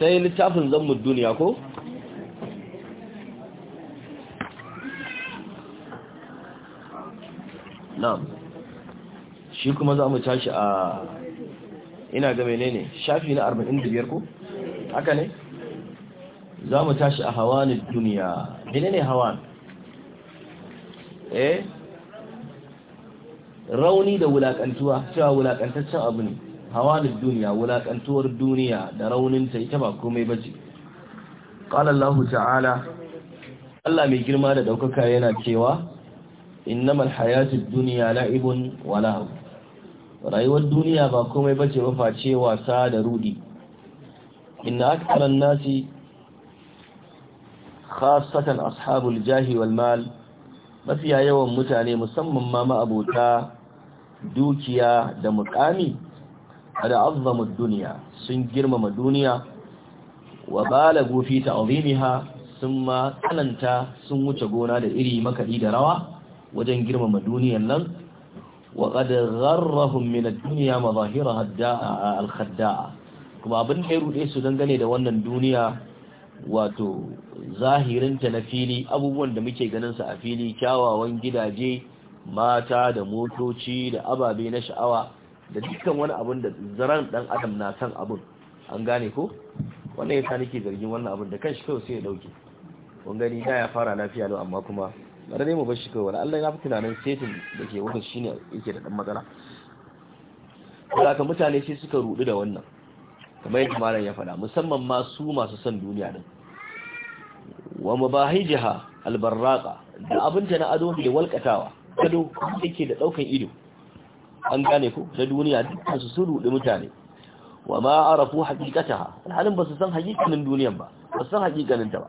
sai littafin zammu duniya ko Na shi kuma za mu tashi a ina ga menene shafi na 45 ko haka ne za mu tashi a hawanin duniya menene hawan eh rauni da wulakantuwa cewa wulakantaccen abu ne da duniya wulaƙantuwar duniya da rauninta ita ba komai ba ce ƙalar lahu ta'ala allah mai girma da ɗaukaka yana cewa innamal hayatun duniya la'ibun walau. rayuwar duniya ba komai ba ce face wasa da rudi aka aksaran nasi khasatan ashabul jahi wal mal mafiya yawan mutane musamman ma ma'abota dukiya da mukami da azzama duniya sun girmama duniya wa balagu fi ta'zimiha sun ma sun wuce gona da iri makadi da rawa wajen girmama duniyan nan wa qad gharrahum min ad-dunya mazahiraha al-khadda'a kuma abin da ya su dangane da wannan duniya wato zahirinta na fili abubuwan da muke ganin su a fili kyawawan gidaje mata da motoci da ababe na sha'awa da dukkan wani abin da zaran dan adam na san abin an gane ko wannan yasa nake zargin wannan abin da kan shi kawai sai ya dauke kun gani da ya fara lafiya lau amma kuma bari ne mu bar shi kawai Allah ya fi tunanin setin da ke wannan shine yake da dan matsala saka mutane sai suka rudu da wannan kamar yadda malam ya faɗa musamman ma su masu son duniya din wa mabahijaha albarraqa da abin da na ado da walkatawa kado yake da daukan ido an gane ko? na duniya dukkan su sun rudi mutane wa ma arafu haqiqataha alhalin ba su san haqiqanin duniyan ba ba su san haqiqanin ta ba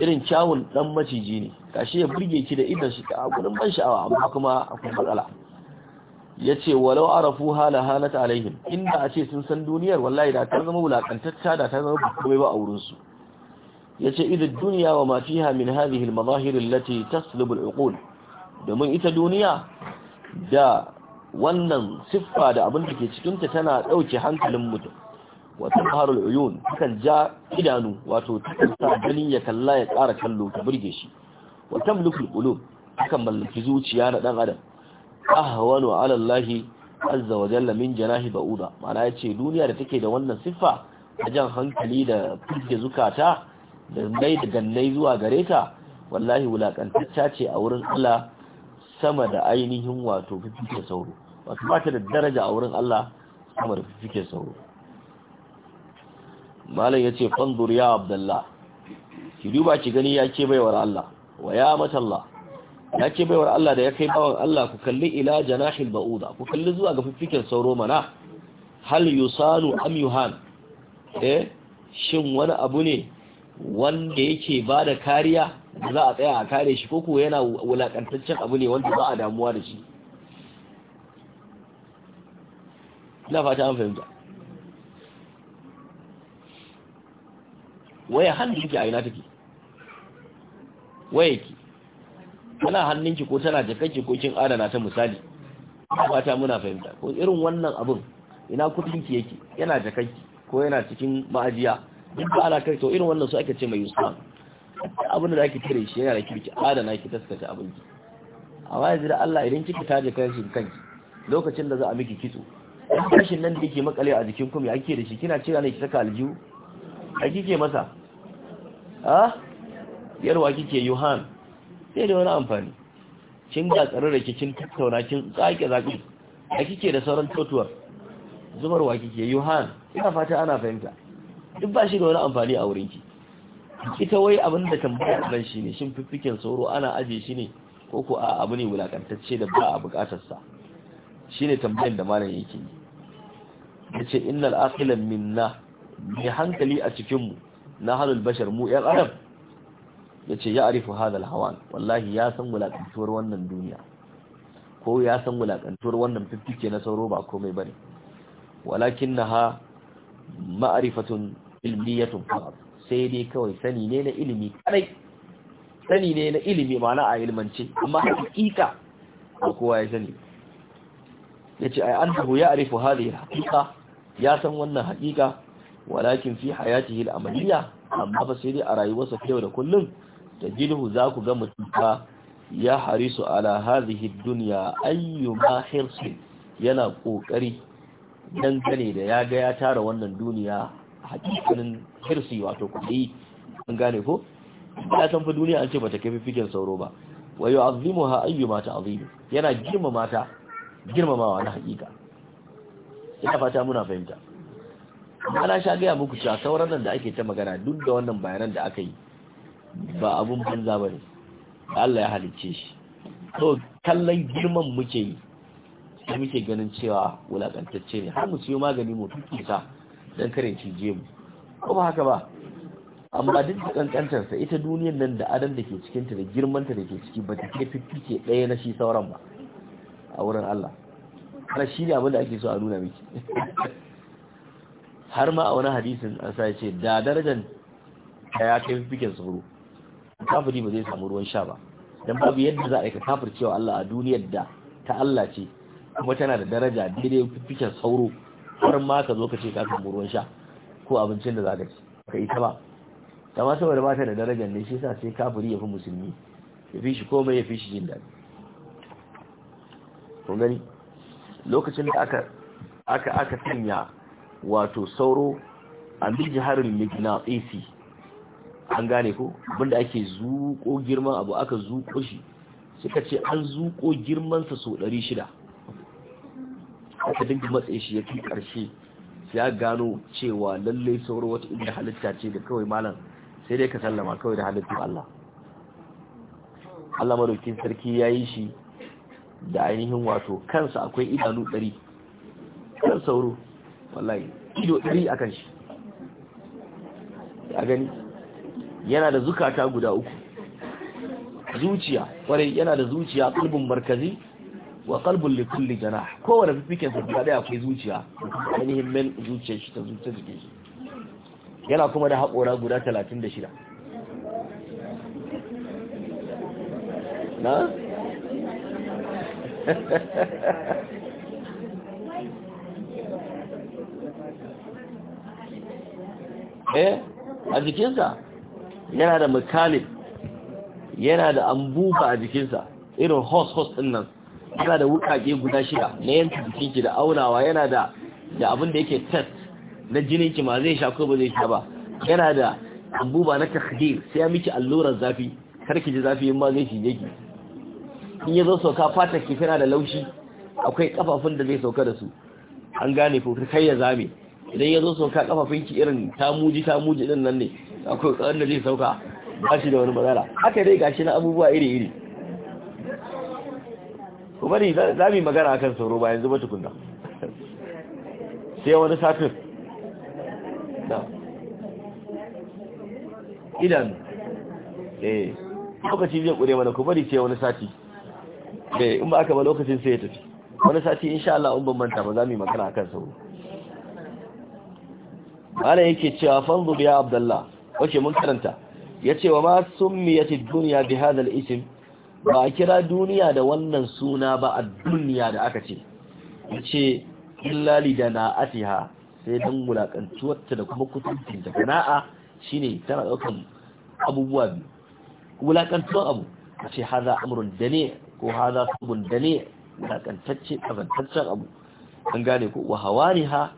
irin kyawun dan maciji ne kashi ya burge ki da idan shi a gurin ban sha'awa amma kuma akwai matsala yace walau arafu hala halata alaihim inda a ce sun san duniyar wallahi da ta zama wulakantacca da ta zama komai ba a wurin su yace idan duniya wa ma fiha min hadhihi al-mazahir allati taslubu al-uqul domin ita duniya da wannan siffa da abin da ke cikinta tana ɗauke hankalin mutum wata harul uyun takan ja idanu wato takan sa gani ya kalla ya ƙara kallo ta burge shi wata mulkul qulub takan mallaki zuciya na dan adam ahwanu ala Allah azza wa jalla min janahi ba'uda mana yace duniya da take da wannan siffa a jan hankali da fitge zukata da mai da gannai zuwa gareta, ta wallahi wulakantacca ce a wurin Allah sama da ainihin wato fifike sauro wato ba ta da daraja a wurin Allah sama da fifike sauro malam ya ce fanzur ya abdullah ki duba ki gani ya ke baiwar Allah wa ya matalla ya ke baiwar Allah da ya kai bawan Allah ku kalli ila janahil ba'uda ku kalli zuwa ga fifiken sauro mana hal yusalu am yuhan eh shin wani abu ne wanda yake bada kariya da za a tsaya a kare shi koko yana wulakantaccen abu ne wanda ba a damuwa da shi ina fata an fahimta waya hannun ki a ina take waya ki tana hannun ki ko tana jakanki ko kin adana ta misali fata muna fahimta ko irin wannan abin ina kudin ki yake yana jakanki ko yana cikin ma'ajiya duk ba ala kai to irin wannan su ake ce mai yusufa abin da zaki cire shi yana da kirki adana ki taskace abinki amma yanzu zira Allah idan kika taje kanshin kanki lokacin da za a miki kitso dan kashin nan da yake makale a jikin ku me ake da shi kina cewa ne ki saka aljihu a kike masa a yarwa kike yohan sai da wani amfani kin ga tsare da kin tattauna kin tsake zaki a kike da sauran totuwar zubarwa kike yohan ina fata ana fahimta duk ba shi da wani amfani a wurinki ita wai abin da tambaya nan ne shin fiffiken sauro ana aje shi ne ko ko a abu ne wulakantacce da ba a bukatar sa shine tambayar da malam yake yi yace inna aqila minna mai hankali a cikin mu na halul bashar mu yan adam yace ya arifu hadal hawan wallahi ya san wulakantuwar wannan duniya ko ya san wulakantuwar wannan fiffike na sauro ba komai bane walakinnaha ma'arifatun ilmiyatun faqat sai dai kawai sani ne na ilimi kadai sani ne na ilimi mana a ilmance amma hakika da kowa ya sani ya ce ai annahu ya arifu hadhihi hakika ya san wannan hakika walakin fi hayatihi al amaliya amma ba sai dai a rayuwarsa ta yau da kullum tajilhu za ku ga mutunta ya harisu ala hadhihi dunya dunya ayyuma hirsin yana kokari dangane da ya ga ya tara wannan duniya hakikanin hirsi wato kuɗi an gane ko ya san fa duniya an ce bata kai fikin sauro ba wa yu'azzimuha ayyuma azimu. yana girmama mata girmamawa na hakika ina fata muna fahimta ana sha gaya muku cewa sauran nan da ake ta magana duk da wannan bayanan da aka yi ba abun banza bane Allah ya halicce shi to kallon girman muke yi sai muke ganin cewa wulakantacce ne har mu siyo magani mu tuke don kare cije mu ko ba haka ba amma duk da sa ita duniyar nan da adam da ke cikinta da girmanta da ke ciki ba ta ke fifice ɗaya na shi sauran ba a wurin Allah har shi ne abin da ake so a nuna miki har ma a wani hadisin an sa ce da darajar ta ya kai fifiken sauro kafiri ba zai samu ruwan sha ba dan babu yadda za a yi kafircewa Allah a duniyar da ta Allah ce kuma tana da daraja daidai fifiken sauro har ma ka zo ka ce ka samu ruwan sha ko abincin da za ka ci ka ita ba amma saboda ba ta da darajar ne shi sa sai kafiri ya fi musulmi ya fi shi komai ya fi shi jin daɗi kun gani lokacin da aka aka aka sanya wato sauro a harin mijiharin ac an gane ko abinda ake zuko girman abu aka zuko shi suka ce an zuko girmansa sau ɗari shida aka dinga matsayi shi ya fi ƙarshe ya gano cewa lallai sauro wata inda halitta ce da kawai malam sai dai ka sallama kawai da halittun Allah Allah madaukin sarki ya yi shi da ainihin wato kansa akwai idanu ɗari kan sauro wallahi ido ɗari a ya gani yana da zukata guda uku zuciya kwarai yana da zuciya ƙulbin markazi wa qalbun likulli kulli kowane fifikin sa guda daya akwai zuciya ainihin men zuciya shi ta zuciya jikin shi yana kuma da haƙora guda talatin na eh a jikinsa yana da makalib yana da ambuba a jikinsa irin hos-hos ɗin nan yana da wukake guda shida na yanka jikinki da aunawa yana da da abin da yake test na jininki ma zai sha ko ba zai sha ba yana da abubuwa na takhdir sai ya miki allurar zafi kar ki ji zafi in ma zai shige ki in ya zo sauka fata ki tana da laushi akwai kafafun da zai sauka da su an gane ko kai ya zame idan ya zo sauka kafafun ki irin tamuji tamuji din nan ne akwai da zai sauka ba shi da wani matsala haka dai gashi na abubuwa iri iri bari za mu yi magana kan sauro ba yanzu ba tukunna sai wani satin da idan eh lokaci zai kure mana ku bari sai wani sati eh in ba aka ba lokacin sai ya tafi wani sati insha Allah in ban manta ba za mu yi magana kan sauro ana yake cewa fanzu biya abdullah wace mun karanta yace wa ma sun ad-dunya bi hadha al-ism ba a kira duniya da wannan suna ba a duniya da aka ce ce illali da na'atiha sai don wulakantuwarta da kuma kutuncin da gana'a ne tana ɗaukan abubuwa biyu wulakantuwar abu a ce haza amurin da ne ko haza sabon da ne wulaƙantacce ƙazantaccen abu an gane ko wa ne ha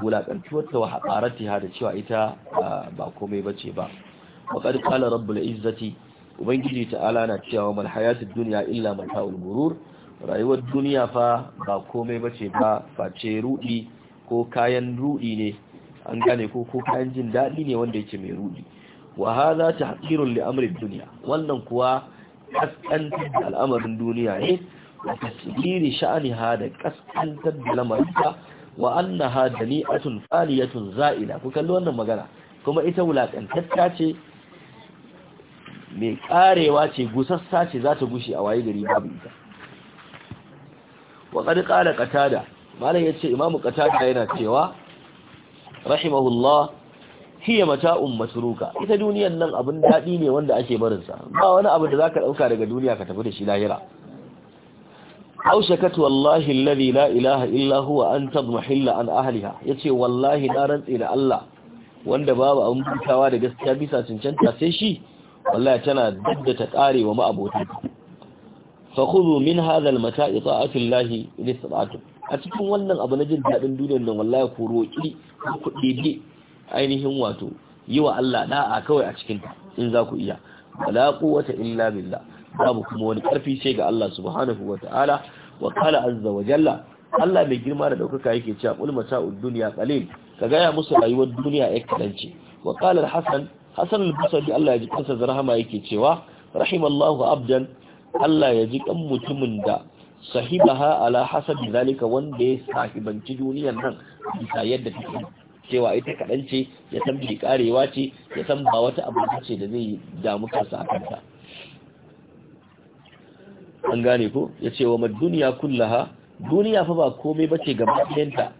wulakantuwarta wa haɓarati ha da cewa ita ah, ba komai ce ba wa ƙarƙalar rabbul izzati ubangiji ta'ala na cewa mal hayatud dunya illa mata'ul gurur rayuwar duniya fa ba komai bace ba face rudi ko kayan rudi ne an gane ko ko kayan jin dadi ne wanda yake mai rudi wa hadha tahqirun li amri dunya wannan kuwa kaskantar da al'amarin duniya ne wa tasbiri sha'aniha da kaskantar da lamarinta wa annaha dani'atun faliyatun za'ila ku kalli wannan magana kuma ita wulakantacca ce mai karewa ce gusassa ce za ta gushe a waye gari babu ita wa qad qala qatada malam yace imamu qatada yana cewa rahimahullah hiya mata'un masruka ita duniyar nan abin daɗi ne wanda ake barinsa, ba wani abu da zaka ɗauka daga duniya ka tafi da shi lahira aw shakatu wallahi alladhi la ilaha illa huwa an tadmahilla an ahliha yace wallahi na rantsi da Allah wanda babu abin butawa da gaskiya bisa cancanta sai shi wallahi tana dadda ta kare wa ma'abota fa khudhu min hadha al-mata'i ta'atillahi lisbatu a cikin wannan abu na jin dadin duniyar nan wallahi ku roki ku dibi ainihin wato yi wa Allah da'a kawai a cikin ta in za ku iya wala quwwata illa billah babu kuma wani karfi sai ga Allah subhanahu wata'ala wa qala azza wa jalla Allah mai girma da daukaka yake cewa ulmata'ud dunya qalil ka gaya musu rayuwar duniya ya kadanci wa qala al-hasan Hassan al-basri Allah ya ji kansa rahama yake cewa rahimallahu abdan Allah ya ji kan mutumin da sahibaha ala hasabi zalika wanda ya sahibanci duniyar nan bisa yadda take cewa ita kaɗan ce ya san bi karewa ce ya san ba wata abu ce da zai damu kansa a kanta an gane ko ya ce wa duniya kullaha duniya fa ba komai bace gaba ɗayanta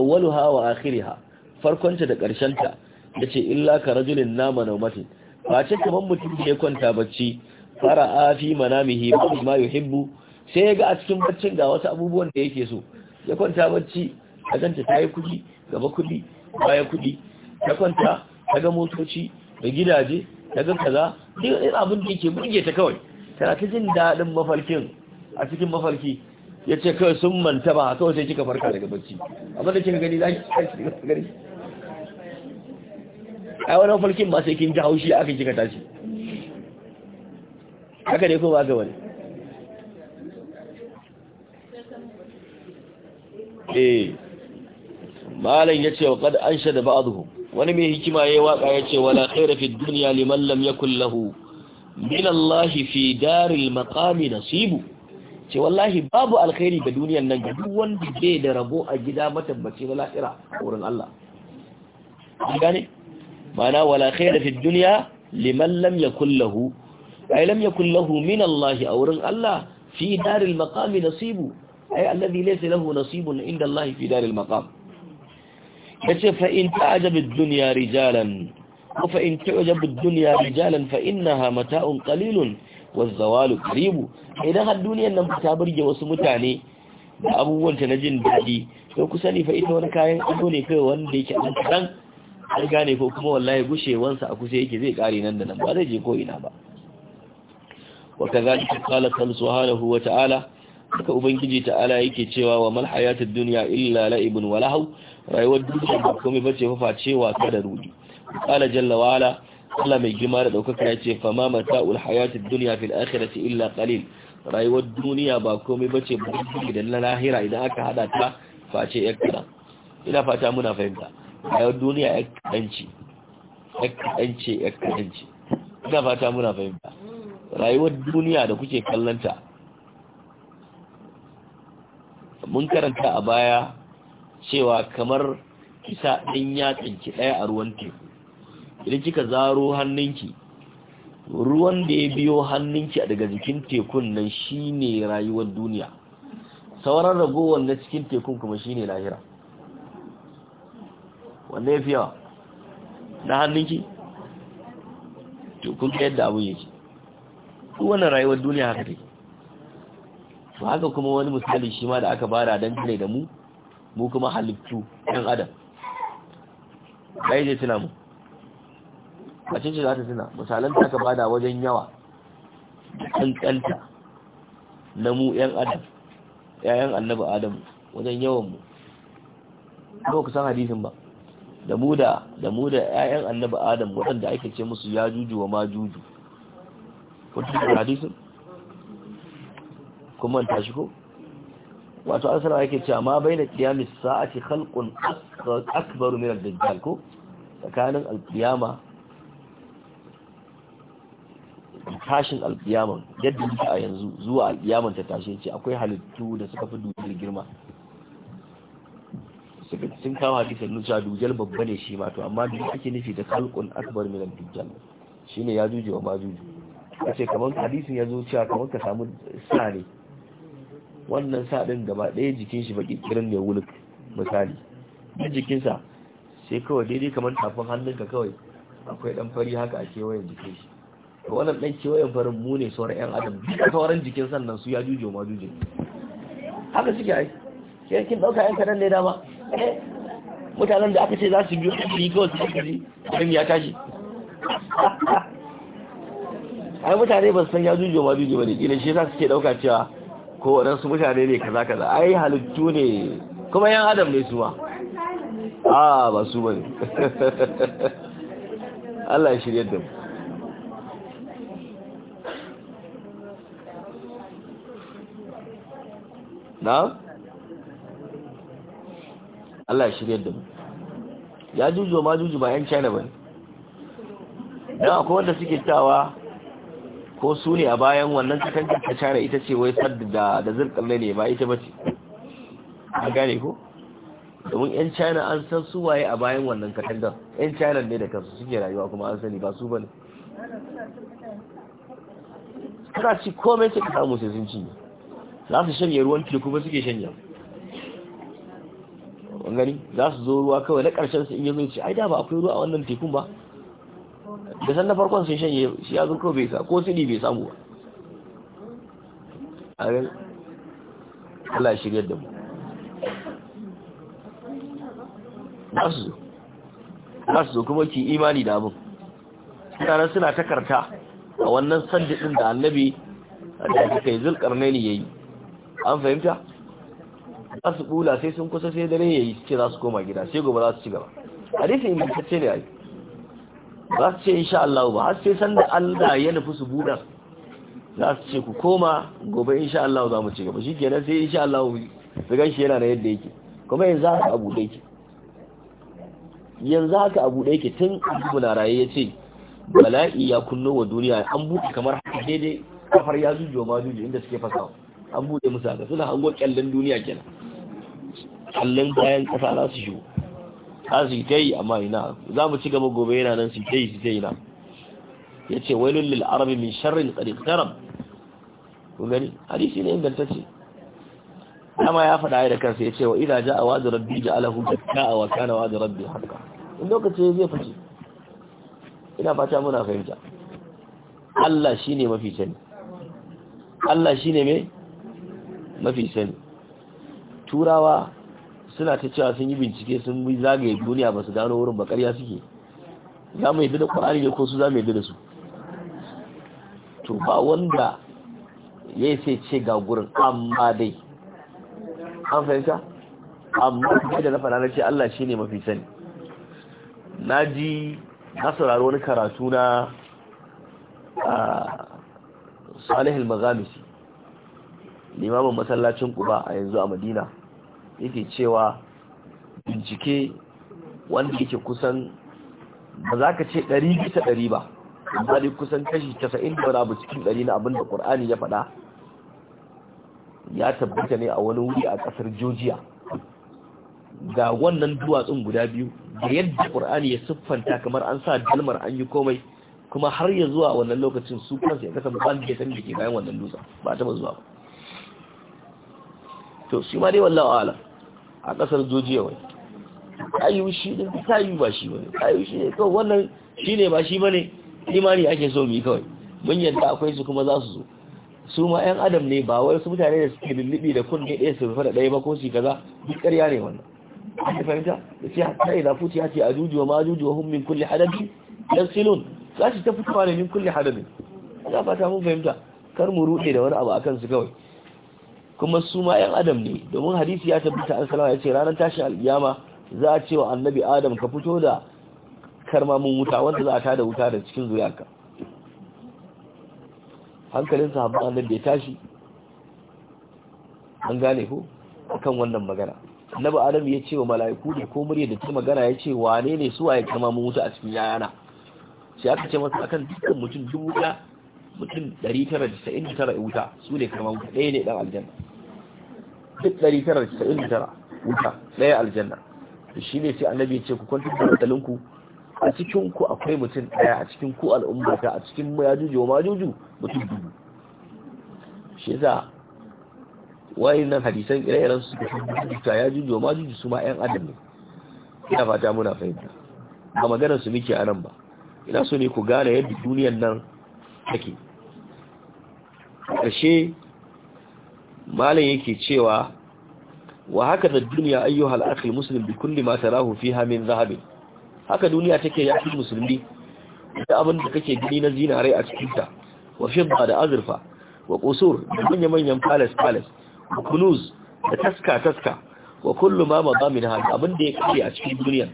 awwaluha wa akhiriha farkonta da ta. da ce illa ka rajulin nama na matin ce kamar mutum da ya kwanta bacci fara a fi manamihi ba ma hibbu sai ya ga a cikin baccin ga wasu abubuwan da yake so ya kwanta bacci a zanta ta yi kudi gaba kudi baya kudi ta kwanta ta ga motoci da gidaje ta ga kaza duk abin da yake burge ta kawai tana ta jin daɗin mafarkin a cikin mafarki ya ce kawai sun manta ba kawai sai kika farka daga bacci abinda da kika gani za ki gani ai wani mafarkin ba sai kin ji haushi aka kika tashi haka ne ko ba ga wani eh malam yace wa kad anshada ba'dhu wani mai hikima yayi waka yace wala khaira fid dunya liman lam yakul lahu min Allah fi daril maqami nasibu ce wallahi babu alkhairi ga duniyar nan ga duk wanda bai da rabo a gida matabbaci na a wurin Allah an gane ma'ana wala khaira fi dunya liman lam yakul lahu ay lam yakul lahu min Allah a wurin Allah fi daril maqam nasibu ay alladhi laysa lahu nasibun inda Allah fi daril maqam yace fa in ta'ajaba ad-dunya rijalan wa fa in ta'ajaba ad-dunya rijalan fa innaha mata'un qalilun waz-zawalu qarib idan har duniyar nan ta burge wasu mutane da abubuwan ta na jin dadi to kusa sani fa ita wani kayan ado ne kai wanda yake an an gane ko kuma wallahi gushewansa a kusa yake zai kare nan da nan ba zai je ko ina ba wa kazalika qala subhanahu wa ta'ala haka ubangiji ta'ala yake cewa wa mal duniya dunya illa la'ibun wa lahu rayuwar duniya ba komai bace fa face wasa da rudi qala jalla wa ala Allah mai girma da daukaka yace fa ma mata'ul hayatud dunya fil akhirati illa qalil rayuwar duniya ba komai bace ba da lahira idan aka hada ta face yakka ina fata muna fahimta a duniya ya kaɗanci ya kaɗanci ya kaɗanci ina fata muna fahimta rayuwar duniya da kuke kallanta mun karanta a baya cewa kamar kisa ɗin yatsinki ɗaya a ruwan teku idan kika zaro hannunki ruwan da ya biyo hannunki daga jikin tekun nan shine rayuwar duniya sauran ragowar na cikin tekun kuma shine lahira wanne ya fi yawa na hannunki to kun ka yadda abun yake duk wannan rayuwar duniya haka take to haka kuma wani misali shi ma da aka bara dan tare da mu mu kuma halittu ɗan adam ɗaya je tuna mu a ce za ta tuna misalan ta aka bada wajen yawa kankanta na mu ‘yan adam ‘ya'yan annabi adam wajen yawan mu ba ku san hadisin ba da mu da da mu da ƴaƴan annabi adam waɗanda ake ce musu ya juju wa ma juju kuma hadisin kuma ta shi ko wato an sanar ake cewa ma baina qiyamis sa'ati khalqun akbar min ad-dajjal ko tsakanin al-qiyama tashin al-qiyama yadda yake a yanzu zuwa al qiyama ta tashi ce akwai halittu da suka fi dukkan girma suka sun kama hadisin nan cewa dujal babba ne shi ma to amma duk ake nufi da kalqun akbar min shi shine ya juje wa majuju kace kamar hadisin ya zo cewa kamar ka samu sa ne wannan sa din gaba ɗaya jikin shi baki kirin ne wuluk misali duk jikinsa sai kawai daidai kamar tafin hannunka kawai akwai dan fari haka a kewayen jikin shi wannan dan kewayen farin mu ne sauran yan adam duka sauran jikin sannan su ya juje ma juje haka suke ai sai kin dauka yan kadan ne dama mutanen da aka ce za su biyo kafiri kawai su kafiri kafin ya tashi ai mutane ba su san ya jujo ma ba ne, kila shi za su ke dauka cewa ko waɗansu mutane ne kaza kaza ai halittu ne kuma yan adam ne su ma a ba su ba ne, Allah ya shirye da mu na'am Allah ya shirya da mu ya juju ma juju ba yan China ne. dan akwai wanda suke tawa ko su ne a bayan wannan katangar ta China ita ce wai sadda da da ne ba ita bace an gane ko domin yan China an san su waye a bayan wannan katangar yan China ne da kansu suke rayuwa kuma an sani ba su bane kana ci komai sai ka samu sai sun ci za su shanye ruwan teku ba suke shanye. kun gani za su zo ruwa kawai na ƙarshen su in yazo ce ai da ba akwai ruwa a wannan tekun ba da san na farkon sun shan shi ya zo kawai bai sa ko sidi bai samu ba a gani Allah ya shigar da mu za su zo za su zo kuma ki imani da abin suna suna takarta a wannan sanda din da annabi da kai zulkarnaini yayi an fahimta za su bula sai sun kusa sai dare yayi ce za su koma gida sai gobe za su ci gaba hadisi ce ne ai za su ce insha Allah ba har sai san da Allah ya nufi su buda za su ce ku koma gobe insha Allah za mu ci gaba kenan sai insha Allah su gan shi yana da yadda yake kuma yanzu haka abu da yake yanzu haka abu da yake tun abu na raye ya ce bala'i ya kunno wa duniya an buɗe kamar haka daidai kafar ya zujo ma zujo inda suke fasawa an buɗe musa ga suna hango kyallin duniya kenan kallon bayan kasa za su shigo za su ta yi amma ina za mu ci gaba gobe yana nan su ta yi su ta yi na ya ce wai lil arabi min sharrin qad Karam, ku gani hadisi ne ingantacce dama ya faɗa da kansa ya ce wa ja a wajen rabbi ja'alahu a wa kana wajen rabbi haka in lokaci zai fice ina fata muna fahimta Allah ne mafi sani Allah ne mai mafi sani turawa suna ta cewa sun yi bincike sun bi zagaye duniya ba su gano wurin ba suke za mu yadda da ƙwarari ne ko su za mu yadda da su to ba wanda ya sai ce ga gurin amma dai an fahimta amma kuma da na faɗa na ce Allah shi ne mafi sani na ji na saurari wani karatu na salihul mazamisi limamin masallacin kuba a yanzu a madina yake cewa bincike wanda yake kusan ba za ka ce ɗari bisa ɗari ba amma da kusan kashi casa'in da wani cikin ɗari na abin da ƙur'ani ya faɗa ya tabbata ne a wani wuri a ƙasar georgia ga wannan duwatsun guda biyu da yadda ƙur'ani ya siffanta kamar an sa dalmar an yi komai kuma har ya zuwa wannan lokacin su kansu ya kasa mukan da ya san da ke bayan wannan dutsen ba ta zuwa ba. to shi ma dai wallawa alam a kasar jojiya wai kayu shi ne kayu ba shi bane kayu shi ne kawai wannan shi ne ba shi ne imani ake so mu kawai mun yadda akwai su kuma za su zo su ma yan adam ne ba wai su mutane da suke lullubi da kunne ɗaya su fada ɗaya ba ko su kaza duk ƙarya ne wannan an fahimta da ce ta idan fuci ya ce a jujuwa ma jujuwa hun min kulle hadadi yan silon za su ta fitowa ne min kulle hadadi ina fata mun fahimta kar mu ruɗe da wani abu akan su kawai kuma su ma yan adam ne domin hadisi ya tabbata an salama ya ce ranar tashin alkiyama za a cewa annabi adam ka fito da karmamin wuta wanda za a tada wuta da cikin zuyaka. hankalin sahabban annabi ya tashi an gane ko kan wannan magana annabi adam ya ce wa mala'iku da ko murya da ta magana ya ce wane ne su waye karmamin wuta a cikin yayana sai aka ce masa akan dukkan mutum dubu ɗaya mutum 999 wuta su ne kama wuta ɗaya ne ɗan aljanna duk 999 wuta ɗaya aljanna to shi ne sai annabi ce ku kwantar da matsalinku. a cikinku akwai mutum ɗaya a cikin ku al'ummata, a cikin majuju wa majuju mutum dubu shi wani wayannan hadisan ire-iren su da shi ta yajuju wa majuju su ma 'yan adam ne ina fata muna fahimta ba maganar su muke a nan ba ina so ne ku gane yadda duniyar nan take ƙarshe malam yake cewa wa haka da duniya ayyuhal akhil muslim bi kulli ma tarahu fiha min zahabin, haka duniya take ya fi musulmi da abin da kake gani na zinarai a cikin ta wa fidda da azurfa wa qusur da manyan manyan palace palace wa kunuz da taska taska wa kullu ma madha min abin da ya a cikin duniya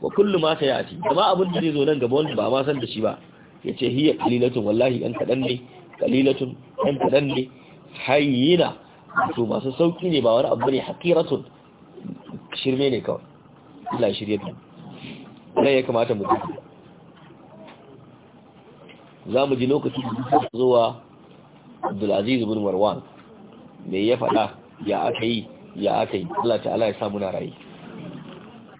wa kullu ma sayati amma abin da zai zo nan gaba wanda ba ma san da shi ba yace hiya qalilatun wallahi an kadan ne kalilatun ɗan kaɗan ne hayyina to masu sauƙi ne ba wani abu ne haƙiratun shirme ne kawai ila shirye nan ya kamata mu duka za mu ji lokacin da zuwa abdulaziz bin marwan me ya faɗa ya aka yi ya aka yi Allah ta'ala ya samu na rayu